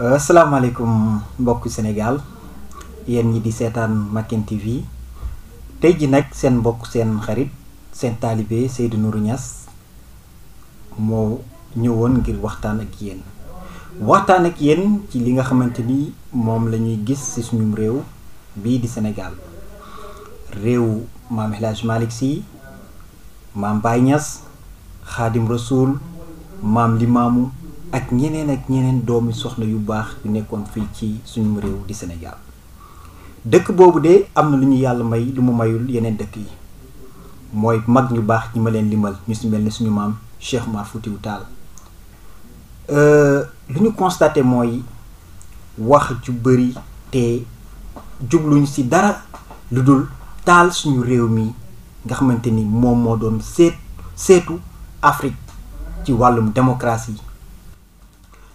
Euh, asalaamaaleykum mbokku senegaal yéen ñi di seetaan Maкен TV tey ji nag seen mbokk seen xarit seen taalibe Seydou Nourou Niass moo ñëwoon ngir waxtaan ak yéen ci li nga xamante ni moom la ñuy gis ci suñum réew bii di senegaal réew maam El Hadj Malick Sy maam Baye Niass xaadim Rasoul maam Limaamu ak ñeneen ak ñeneen doomi soxna yu baax yu nekkoon fii ci suñu réew di Sénégal dëkk boobu de am na lu ñu yàlla may lu mu mayul yeneen dëkk yi mooy mag ñu baax ñi ma leen limal ñu si mel ne suñu maam Cheikh Oumar Foutiyou Tall euh, lu ñu constaté mooy wax ju bëri te jubluñ si dara lu dul taal suñu réew mi nga xamante ni moom moo doon seet seetu Afrique ci wàllum démocratie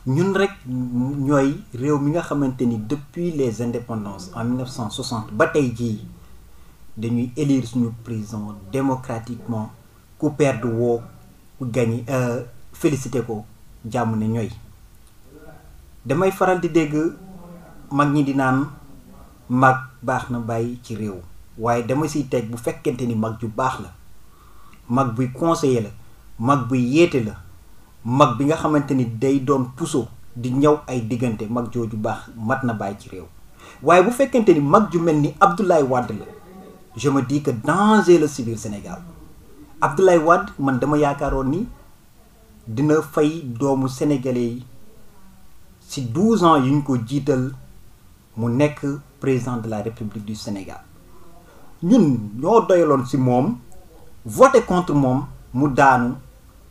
ñun rek ñooy réew mi nga xamante ni depuis les indépendances en 1960 ba tey jii dañuy élire suñu président démocratiquement ku perdre woo ku gagné euh, félicité ko jàmm ne ñooy damay faral di dégg mag ñi di naan mag baax na bàyyi ci réew waaye dama siy teg bu fekkente ni mag ju baax la mag buy conseiller la mag buy yéete la mag bi nga xamanteni day doon puso di ñëw ay diggante mag jooju baax mat na bàyyi ci réew waaye bu fekkente ni mag ju mel ni Abdoulaye Wade la je me dis que danger le civil Sénégal Abdoulaye Wade man dama yaakaaroon ni dina fay doomu sénégalais yi si ans yuñ ko jiital mu nekk président de la République du Sénégal ñun ñoo doyaloon si moom voté contre moom mu daanu.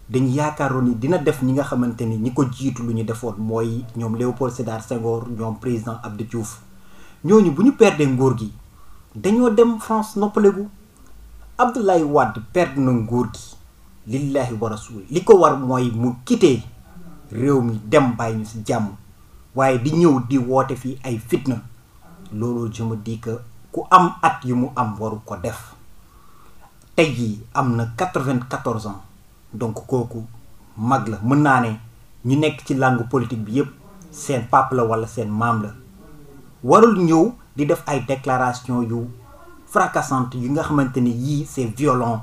dañ yaakaaroon ni dina def ñi nga xamante ni ñi ko jiitu lu ñu defoon mooy ñoom Léopold Sédar Senghor ñoom président Abdou Diouf ñooñu bu ñu perdee nguur gi dañoo dem France noppalegu Abdoulaye Wade perd na nguur gi lillahi wa rasuli li ko war mooy mu quitté réew mi dem bàyyi ñu si jàmm waaye di ñëw di woote fii ay fitna loolu je me ku am at yu mu am waru ko def tey jii am na quatre-vingt-quatorze ans donc koku mag la mën naa ne ñu nekk ci langue politique bi yépp seen pape la wala seen maam la warul ñëw di def ay déclaration yu fracassante yu nga xamante ni yii c'est violent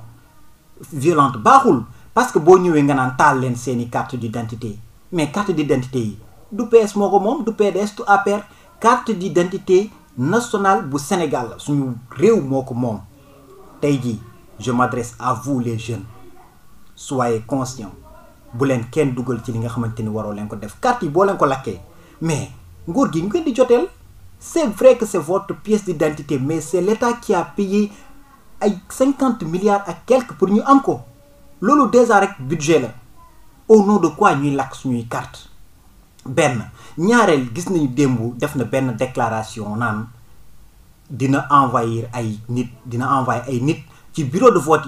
violente baaxul parce que boo ñëwee nga naan taal leen carte d'identité mais carte d'identité yi du PS moo ko moom du PDS du APR carte d'identité nationale bu Sénégal la suñu réew moo ko moom tey jii je m'adresse à vous les jeunes soyez conscient Vous avez vous li nga def carte yi mais c'est vrai que c'est votre pièce d'identité mais c'est l'État qui a payé 50 milliards à quelques pour nous am ko déjà budget au nom de quoi l'action lakk la carte Ben, ñaareel déclaration dina envahir ay nit bureau de vote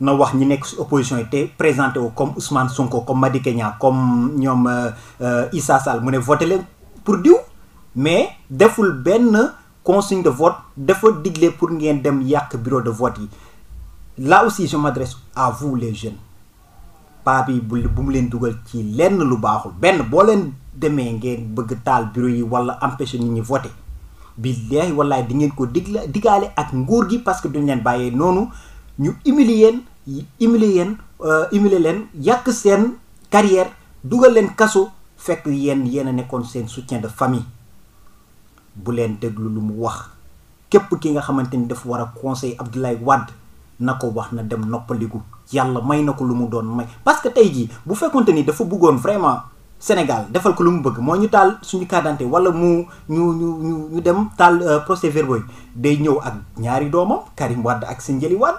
na wax ñi nekk si opposition yi te présenté wu comme Ousmane Sonko comme Madické comme ñoom euh, Issa Sall mu ne voté leen pour diw mais deful benn consigne de vote dafa digle pour ngeen dem yàq bureau de vote yi là aussi je m'adresse à vous les jeunes paa bi bu bu mu leen dugal ci lenn lu baaxul benn boo leen demee ngeen bëgg taal bureau yi wala empêcher nit ñi voter. billahi wallahi di ngeen ko digle digaale ak nguur gi parce que duñ leen bàyyee noonu ñu humilier leen humilier leen euh, humilier leen yàq seen carrière dugal leen kaso fekk yéen yéen a nekkoon seen soutien de famille bu leen déglu lu mu wax képp ki nga xamante ni dafa war a conseil Abdoulaye Wad. na ko wax na dem noppaligu yàlla may na ko lu mu doon may parce que tey jii bu fekkonte ni dafa bëggoon vraiment Sénégal defal ko lu mu bëgg moo ñu taal suñu carte wala mu ñu ñu ñu ñu dem taal euh, procès verbo. day ñëw ak ñaari doomam Karim Wade ak Sindiély Wade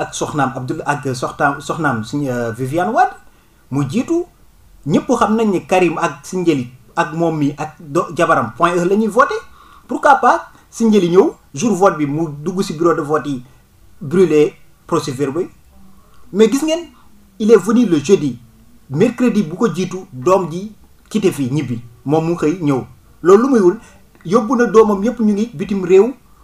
ak soxnam Abdoul ak soxnaam soxnam suñu euh, Viviane Wade mu jitu ñepp xam nañ ni Karim ak si ak moom mi ak jabaram point E lañuy voter pourquoi pas si ñew jour vote bi mu dugg ci bureau de vote yi brûlé procès-verbaux mais gis ngeen il est venu le jeudi mercredi bu ko jitu dom ji quitté fi ñibi mom mu xey ñew loolu lu muy wul yobuna domam doomam ñu ngi bitim rew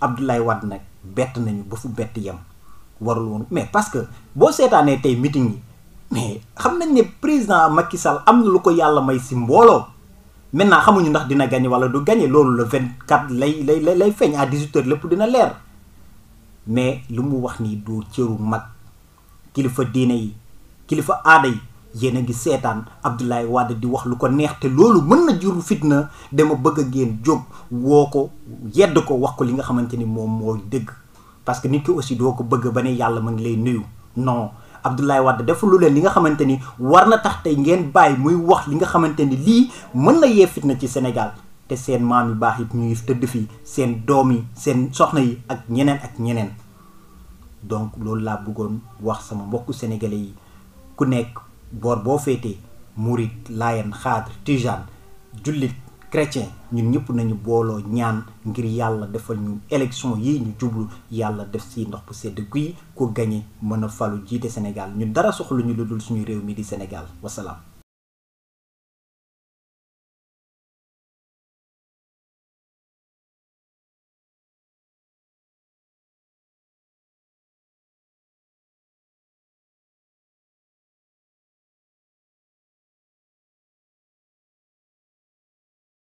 Abdoulaye Wade nag bett nañu ba fu bett yem warul woon mais parce que boo seetaanee tey mitin yi mais xam nañ ne président Macky Sall am na lu ko yàlla may si mbooloo maintenant xamuñu ndax dina gagné wala du gagné loolu le 24 lay lay lay feeñ à 18 lépp dina leer mais lu mu wax nii du cëru mag kilifa diine yi kilifa aada yi. yéen a ngi seetaan Abdoulaye wadd di wax lu ko neex te loolu mën na jur fitna dama bëgg ngeen jóg woo ko yedd ko wax ko li nga xamante ni moom mooy dëgg parce que nit ki aussi doo ko bëgg ba ne yàlla ma ngi lay nuyu non Abdoulaye Wade def lu leen li nga xamante ni war na tax tey ngeen bàyyi muy wax li nga xamante ni lii mën na yee fitna ci Sénégal te seen maam yu baax yi ñu ngi tëdd fii seen doom yi seen soxna yi ak ñeneen ak ñeneen donc loolu laa bëggoon wax sama mbokku sénégalais yi bor bo fété mourid layen Khadre, Tijan, jullit chrétien ñun ñep nañu bolo ñaan ngir yalla defal ñu élection yi ñu djublu yalla def ci ndox bu sedd guy ko gañe mëna falu Sénégal ñun dara soxlu ñu dul suñu réew mi di Sénégal Wassalam.